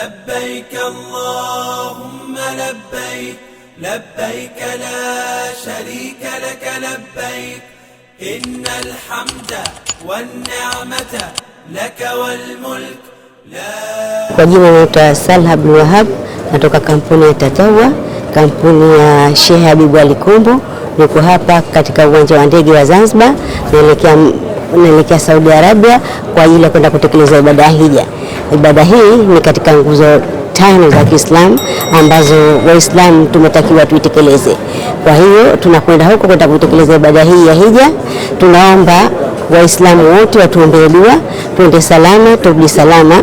لبيك اللهم لبيك لبيك لا شريك لك لبيك إن الحمد والنعمة لك والملك لا kwa jina naitwa Salha Abdul Wahab natoka kampuni ya Tatawa, kampuni ya Sheikh Habibu Ali Kombo. Niko hapa katika uwanja wa ndege wa Zanzibar naelekea unaelekea Saudi Arabia kwa ajili ya kwenda kutekeleza ibada ya hija. Ibada hii ni katika nguzo tano za Kiislamu ambazo Waislamu tumetakiwa tuitekeleze. Kwa hiyo tunakwenda huko kwenda kutekeleza ibada hii ya hija. Tunaomba Waislamu wote watuombee dua, tuende salama, turudi salama,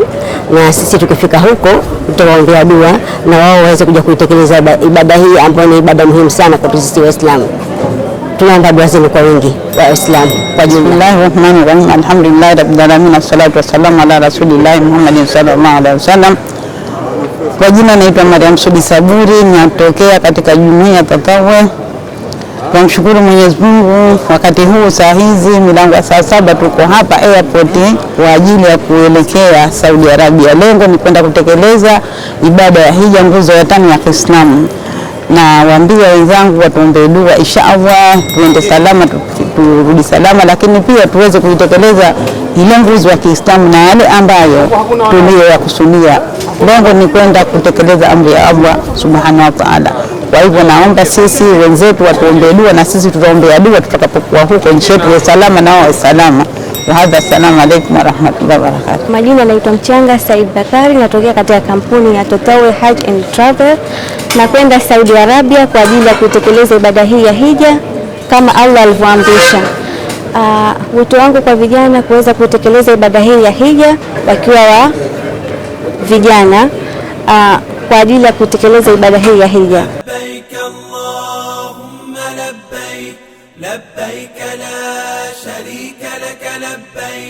na sisi tukifika huko tutawaombea dua na wao waweze kuja kuitekeleza ibada hii ambayo ni ibada muhimu sana kwa sisi Waislamu tunaomba dua zenu kwa wingi wa Islam kwa jumla. Bismillahir Rahmanir Rahim, alhamdulillahi rabbil alamin, wassalatu wassalamu ala rasulillahi Muhammadin sallallahu alaihi wasallam. Kwa jina naitwa Mariam Sudi Saburi, natokea katika jumuiya ya Tatawe. Tunamshukuru Mwenyezi Mungu, wakati huu saa hizi milango ya saa saba tuko hapa airport kwa ajili ya kuelekea Saudi Arabia. Lengo ni kwenda kutekeleza ibada ya hija, nguzo ya tano ya Kiislamu na waambia wenzangu watuombee dua, allah tuende salama, turudi salama, lakini pia tuweze kuitekeleza ile nguzo ya Kiislamu na yale ambayo tuliyoyakusudia. Lengo ni kwenda kutekeleza amri ya Allah subhanahu wa ta'ala. Kwa hivyo naomba sisi wenzetu watuombee dua, na sisi tutaombea dua tutakapokuwa huko nchi yetu salama, nao salama. Hadha, assalamu alaikum warahmatullahi wabarakatuh. Majina yanaitwa Mchanga Said Bakari, natokea katika kampuni ya Totawe Hajj and Travel. Nakwenda Saudi Arabia kwa ajili ya kutekeleza ibada hii ya hija kama Allah alivyoamrisha. Uh, wito wangu kwa vijana kuweza kutekeleza ibada hii ya hija wakiwa wa vijana uh, kwa ajili ya kutekeleza ibada hii ya hija. لبيك لا شريك لك لبيك